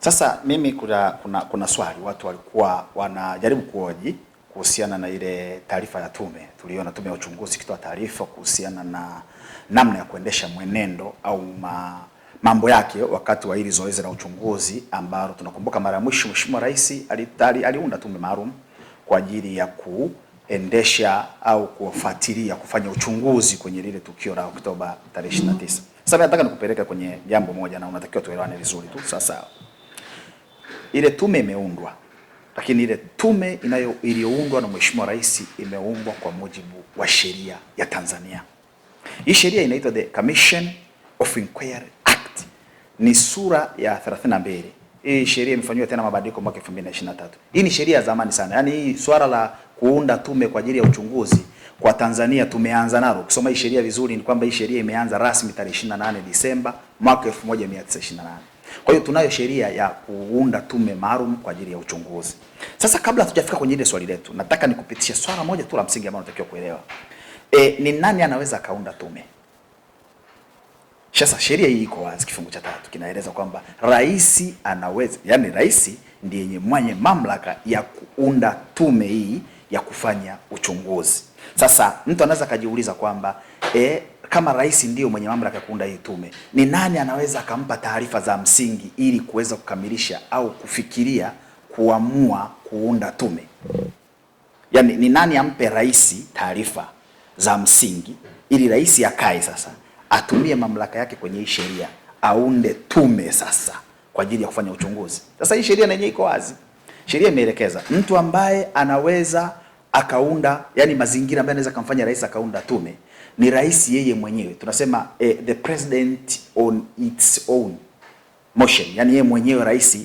Sasa mimi kuna, kuna, kuna swali watu walikuwa wanajaribu kuoji kuhusiana na ile taarifa ya tume tuliona, tume ya uchunguzi ikitoa taarifa kuhusiana na namna ya kuendesha mwenendo au ma, mambo yake wakati wa hili zoezi la uchunguzi ambalo tunakumbuka mara ya mwisho Mheshimiwa Rais aliunda tume maalum kwa ajili ya kuendesha au kufuatilia kufanya uchunguzi kwenye lile tukio la Oktoba tarehe 29. Sasa nataka nikupeleke kwenye jambo moja na unatakiwa tuelewane vizuri tu, sawa sawa. Ile tume imeundwa, lakini ile tume inayo iliyoundwa na Mheshimiwa Rais imeundwa kwa mujibu wa sheria ya Tanzania. Hii sheria inaitwa the Commission of Inquiry Act, ni sura ya 32. Hii sheria imefanywa tena mabadiliko mwaka 2023. Hii ni sheria ya zamani sana, yaani hii swala la kuunda tume kwa ajili ya uchunguzi kwa Tanzania tumeanza nalo. Ukisoma hii sheria vizuri, ni kwamba hii sheria imeanza rasmi tarehe 28 Disemba mwaka 1928. Kwa hiyo tunayo sheria ya kuunda tume maalum kwa ajili ya uchunguzi. Sasa kabla hatujafika kwenye ile swali letu, nataka nikupitishe swala moja tu la msingi ambalo unatakiwa kuelewa. E, ni nani anaweza akaunda tume? Sasa sheria hii iko wazi, kifungu cha tatu kinaeleza kwamba rais anaweza, yani rais ndiye mwenye mamlaka ya kuunda tume hii ya kufanya uchunguzi. Sasa mtu anaweza akajiuliza kwamba e, kama rais ndio mwenye mamlaka ya kuunda hii tume, ni nani anaweza akampa taarifa za msingi ili kuweza kukamilisha au kufikiria kuamua kuunda tume? Yani ni nani ampe rais taarifa za msingi ili rais akae sasa atumie mamlaka yake kwenye hii sheria aunde tume sasa kwa ajili ya kufanya uchunguzi. Sasa hii sheria yenyewe iko wazi, sheria imeelekeza mtu ambaye anaweza akaunda, yani mazingira ambayo anaweza kumfanya rais akaunda tume ni rais yeye mwenyewe, tunasema eh, the president on its own motion, yani yeye mwenyewe rais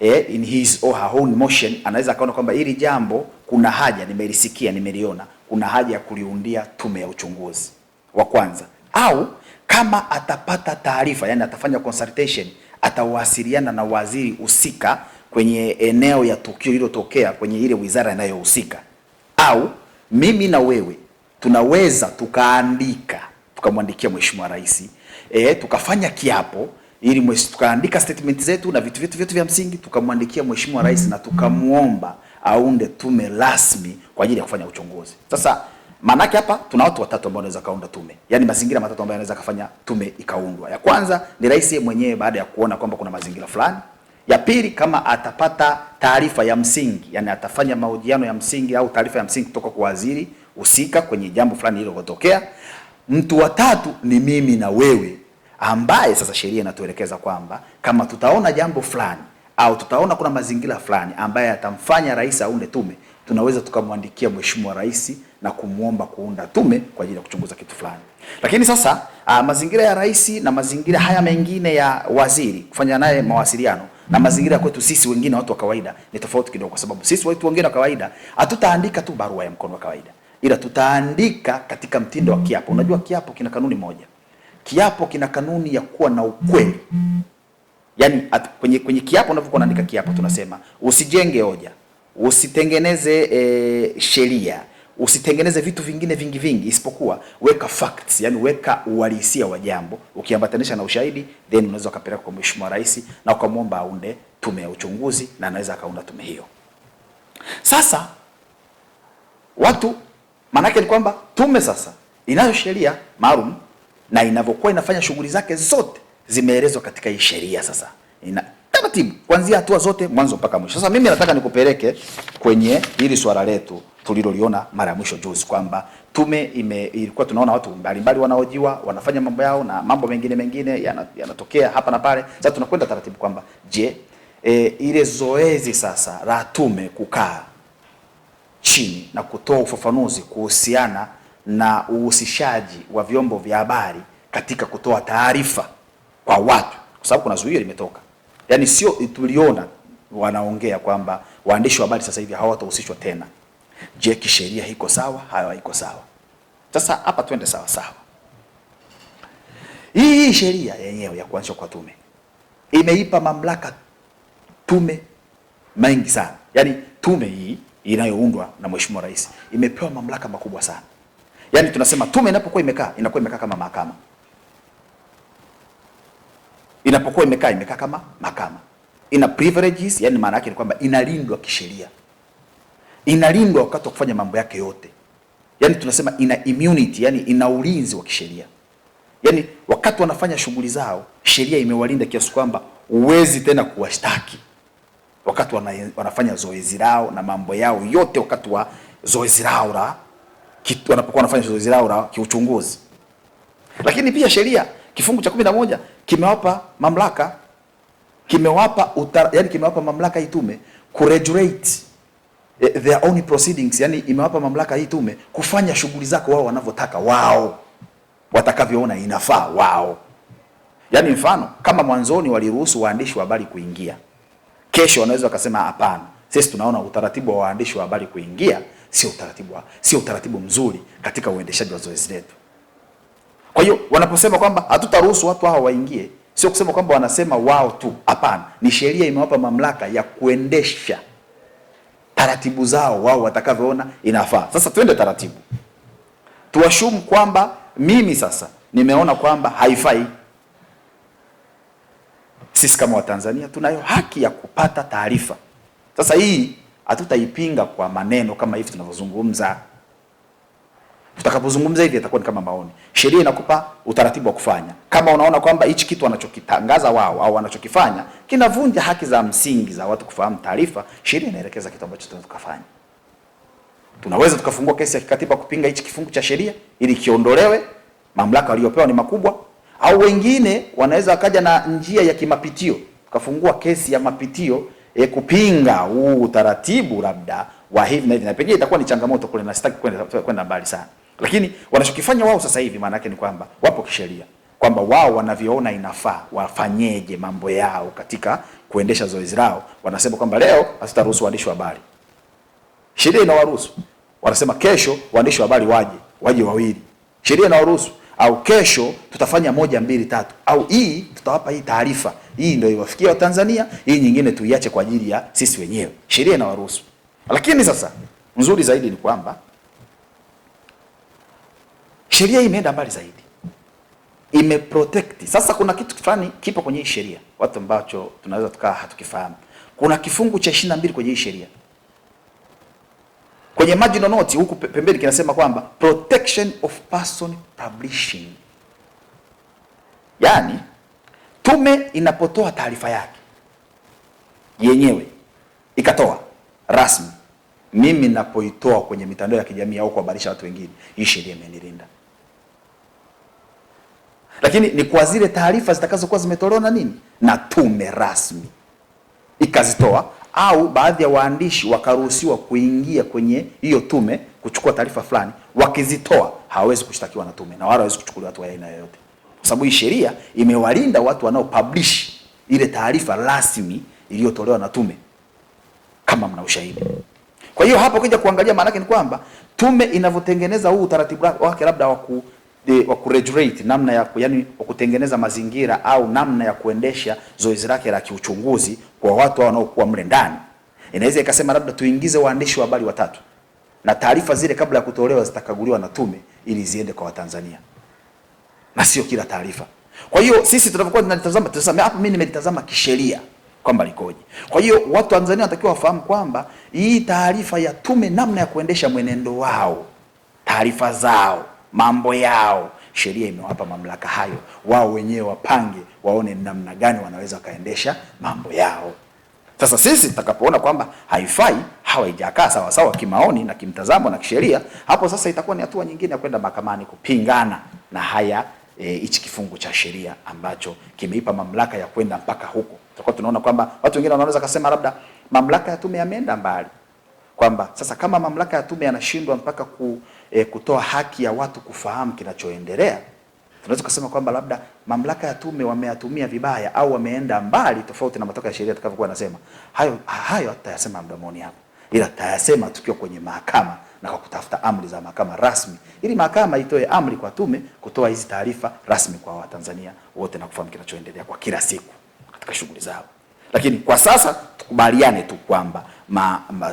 eh, in his or her own motion anaweza akaona kwamba hili jambo kuna haja, nimelisikia, nimeliona, kuna haja ya kuliundia tume ya uchunguzi wa kwanza, au kama atapata taarifa, yani atafanya consultation, atawasiliana na waziri husika kwenye eneo ya tukio lililotokea kwenye ile wizara inayohusika, au mimi na wewe tunaweza tukaandika tukamwandikia Mheshimiwa Rais e, tukafanya kiapo ili tukaandika statement zetu na vitu vyetu vyetu vya msingi tukamwandikia Mheshimiwa Rais na tukamwomba aunde tume rasmi kwa ajili ya kufanya uchunguzi. Sasa maanake hapa tuna watu watatu ambao wanaweza kaunda tume, yaani mazingira matatu ambayo yanaweza kafanya tume ikaundwa. Ya kwanza ni rais mwenyewe baada ya kuona kwamba kuna mazingira fulani ya pili, kama atapata taarifa ya msingi, yani atafanya mahojiano ya msingi au taarifa ya msingi kutoka kwa waziri husika kwenye jambo fulani lililotokea. Mtu wa tatu ni mimi na wewe, ambaye sasa sheria inatuelekeza kwamba kama tutaona jambo fulani au tutaona kuna mazingira fulani ambaye atamfanya rais aunde tume, tunaweza tukamwandikia mheshimiwa rais na kumwomba kuunda tume kwa ajili ya kuchunguza kitu fulani. Lakini sasa a, ah, mazingira ya rais na mazingira haya mengine ya waziri kufanya naye mawasiliano na mazingira kwetu sisi wengine watu wa kawaida ni tofauti kidogo, kwa sababu sisi watu wengine wa kawaida hatutaandika tu barua ya mkono wa kawaida ila tutaandika katika mtindo wa kiapo. Unajua kiapo kina kanuni moja, kiapo kina kanuni ya kuwa na ukweli. Yaani kwenye, kwenye kiapo unavyokuwa unaandika kiapo tunasema usijenge hoja, usitengeneze e, sheria usitengeneze vitu vingine vingi vingi, isipokuwa weka facts, yani weka uhalisia wa jambo ukiambatanisha na ushahidi, then unaweza ukapeleka kwa mheshimiwa rais na ukamwomba aunde tume ya uchunguzi, na anaweza akaunda tume hiyo. Sasa watu Maanake ni kwamba tume sasa inayo sheria maalum na inavyokuwa inafanya shughuli zake zote zimeelezwa katika hii sheria sasa ina taratibu kuanzia hatua zote mwanzo mpaka mwisho. Sasa mimi nataka nikupeleke kwenye hili swala letu tuliloliona mara ya mwisho juzi, kwamba tume ime, ilikuwa tunaona watu mbalimbali wanaojiwa wanafanya mambo yao na mambo mengine mengine yanatokea yana hapa na pale. Sasa tunakwenda taratibu kwamba je, e, ile zoezi sasa la tume kukaa chini na kutoa ufafanuzi kuhusiana na uhusishaji wa vyombo vya habari katika kutoa taarifa kwa watu, kwa sababu kuna zuio limetoka. Yaani sio tuliona wanaongea kwamba waandishi wa habari sasa hivi hawatahusishwa tena. Je, kisheria iko sawa? Hayo haiko sawa. Sasa hapa twende sawa sawa. Hii sheria yenyewe ya kuanzishwa kwa tume imeipa mamlaka tume mengi sana, yaani tume hii inayoundwa na Mheshimiwa Rais imepewa mamlaka makubwa sana. Yaani tunasema tume inapokuwa imekaa inakuwa imekaa kama mahakama, inapokuwa imekaa imekaa kama mahakama, ina privileges. Yani maana yake ni kwamba inalindwa kisheria, inalindwa wakati wa kufanya mambo yake yote. Yani tunasema ina immunity, yani ina ulinzi wa kisheria. Yani wakati wanafanya shughuli zao, sheria imewalinda kiasi kwamba huwezi tena kuwashtaki wakati wana, wanafanya zoezi lao na mambo yao yote wakati wa zoezi lao la wanapokuwa wanafanya zoezi lao la kiuchunguzi. Lakini pia sheria kifungu cha kumi moja kimewapa mamlaka kimewapa yani kimewapa mamlaka hii tume kuregulate eh, their own proceedings, yani imewapa mamlaka hii tume kufanya shughuli zako wao wanavyotaka wao watakavyoona inafaa wao. Yani mfano kama mwanzoni waliruhusu waandishi wa habari kuingia kesho wanaweza wakasema hapana, sisi tunaona utaratibu wa waandishi wa habari kuingia sio utaratibu wa, sio utaratibu mzuri katika uendeshaji wa zoezi letu. Kwa hiyo wanaposema kwamba hatutaruhusu watu hao waingie, sio kusema kwamba wanasema wao tu, hapana, ni sheria imewapa mamlaka ya kuendesha taratibu zao wao watakavyoona inafaa. Sasa twende taratibu, tuwashumu kwamba mimi sasa nimeona kwamba haifai sisi kama Watanzania tunayo haki ya kupata taarifa. Sasa hii hatutaipinga kwa maneno kama hivi tunavyozungumza. Tutakapozungumza hivi itakuwa ni kama maoni. Sheria inakupa utaratibu wa kufanya. Kama unaona kwamba hichi kitu wanachokitangaza wao au wanachokifanya kinavunja haki za msingi za watu kufahamu taarifa, sheria inaelekeza kitu ambacho tunaweza tukafanya. Tunaweza tukafungua kesi ya kikatiba kupinga hichi kifungu cha sheria ili kiondolewe, mamlaka waliopewa ni makubwa, au wengine wanaweza wakaja na njia ya kimapitio, tukafungua kesi ya mapitio e, kupinga huu utaratibu labda wa hivi na hivi, na pengine itakuwa ni changamoto kule, na sitaki kwenda kwenda mbali sana, lakini wanachokifanya wao sasa hivi maana yake ni kwamba wapo kisheria kwamba wao wanavyoona inafaa wafanyeje mambo yao katika kuendesha zoezi lao. Wanasema kwamba leo hatutaruhusu waandishi wa habari, sheria inawaruhusu. Wanasema kesho waandishi wa habari waje waje wawili, sheria inawaruhusu au kesho tutafanya moja mbili tatu, au hii tutawapa hii taarifa, hii ndio iwafikia Watanzania, hii nyingine tuiache kwa ajili ya sisi wenyewe, sheria inawaruhusu. Lakini sasa nzuri zaidi ni kwamba sheria hii imeenda mbali zaidi, imeprotect sasa. Kuna kitu fulani kipo kwenye hii sheria, watu ambacho tunaweza tukaa hatukifahamu. Kuna kifungu cha 22 na mbili kwenye hii sheria Kwenye marginal note huku pembeni kinasema kwamba protection of person publishing, yaani tume inapotoa taarifa yake yenyewe ikatoa rasmi, mimi napoitoa kwenye mitandao ya kijamii au kuhabarisha watu wengine, hii sheria imenilinda. Lakini ni kwa zile taarifa zitakazokuwa zimetolewa na nini na tume rasmi ikazitoa au baadhi ya waandishi wakaruhusiwa kuingia kwenye hiyo tume kuchukua taarifa fulani, wakizitoa hawawezi kushtakiwa na tume na wala hawawezi kuchukuliwa hatua ya aina yoyote, kwa sababu hii sheria imewalinda watu wanaopublish ile taarifa rasmi iliyotolewa na tume, kama mna ushahidi. Kwa hiyo hapo kija kuangalia, maanake ni kwamba tume inavyotengeneza huu utaratibu wake labda wa wa kuregulate namna ya yani, wa kutengeneza mazingira au namna ya kuendesha zoezi lake la kiuchunguzi kwa watu wanaokuwa mle ndani. Inaweza ikasema labda tuingize waandishi wa habari watatu na taarifa zile kabla ya kutolewa zitakaguliwa na tume ili ziende kwa Watanzania na sio kila taarifa. Kwa hiyo sisi tunapokuwa tunalitazama, tunasema hapa, mimi nimelitazama kisheria kwamba likoje. Kwa hiyo watu wa Tanzania wanatakiwa wafahamu kwamba hii taarifa ya tume, namna ya kuendesha mwenendo wao, taarifa zao mambo yao. Sheria imewapa mamlaka hayo, wao wenyewe wapange, waone namna gani wanaweza wakaendesha mambo yao. Sasa sisi tutakapoona kwamba haifai, hawaijakaa sawa sawa kimaoni na kimtazamo na kisheria, hapo sasa itakuwa ni hatua nyingine ya kwenda mahakamani kupingana na haya e, hichi e, kifungu cha sheria ambacho kimeipa mamlaka ya kwenda mpaka huko. Tutakuwa tunaona kwamba watu wengine wanaweza kusema labda mamlaka ya tume yameenda mbali, kwamba sasa kama mamlaka ya tume yanashindwa mpaka ku e, kutoa haki ya watu kufahamu kinachoendelea, tunaweza kusema kwamba labda mamlaka ya tume wameyatumia vibaya au wameenda mbali tofauti na matokeo ya sheria atakavyokuwa anasema. Hayo hayo hatutayasema mdomoni hapo, ila tutayasema tukiwa kwenye mahakama na kwa kutafuta amri za mahakama rasmi, ili mahakama itoe amri kwa tume kutoa hizi taarifa rasmi kwa Watanzania wote na kufahamu kinachoendelea kwa kila siku katika shughuli zao. Lakini kwa sasa tukubaliane tu kwamba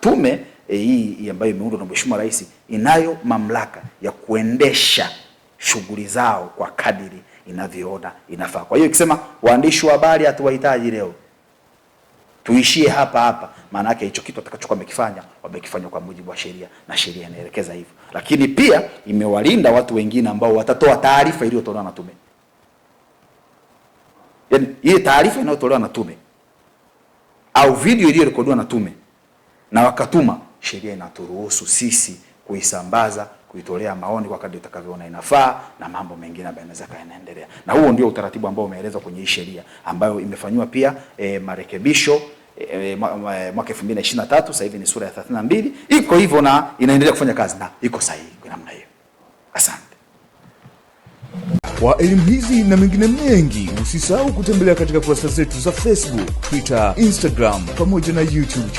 tume e, hii ambayo imeundwa na Mheshimiwa Rais inayo mamlaka ya kuendesha shughuli zao kwa kadiri inavyoona inafaa. Kwa hiyo ikisema waandishi wa habari hatuwahitaji leo, tuishie hapa hapa, maana yake hicho kitu atakachokuwa wamekifanya wamekifanya kwa mujibu wa sheria na sheria inaelekeza hivyo, lakini pia imewalinda watu wengine ambao watatoa taarifa iliyotolewa na tume, yaani ile taarifa inayotolewa na tume au video iliyorekodiwa na tume na wakatuma sheria inaturuhusu sisi kuisambaza, kuitolea maoni kwa kadri utakavyoona inafaa, na mambo mengine ambayo yanaweza kaendelea. Na huo ndio utaratibu ambao umeelezwa kwenye hii sheria ambayo imefanywa pia e, marekebisho e, e, e mwaka 2023 sasa hivi ni sura ya 32 iko hivyo na inaendelea kufanya kazi na iko sahihi kwa namna hiyo. Asante. Kwa elimu hizi na mengine mengi, usisahau kutembelea katika kurasa zetu za Facebook, Twitter, Instagram pamoja na YouTube.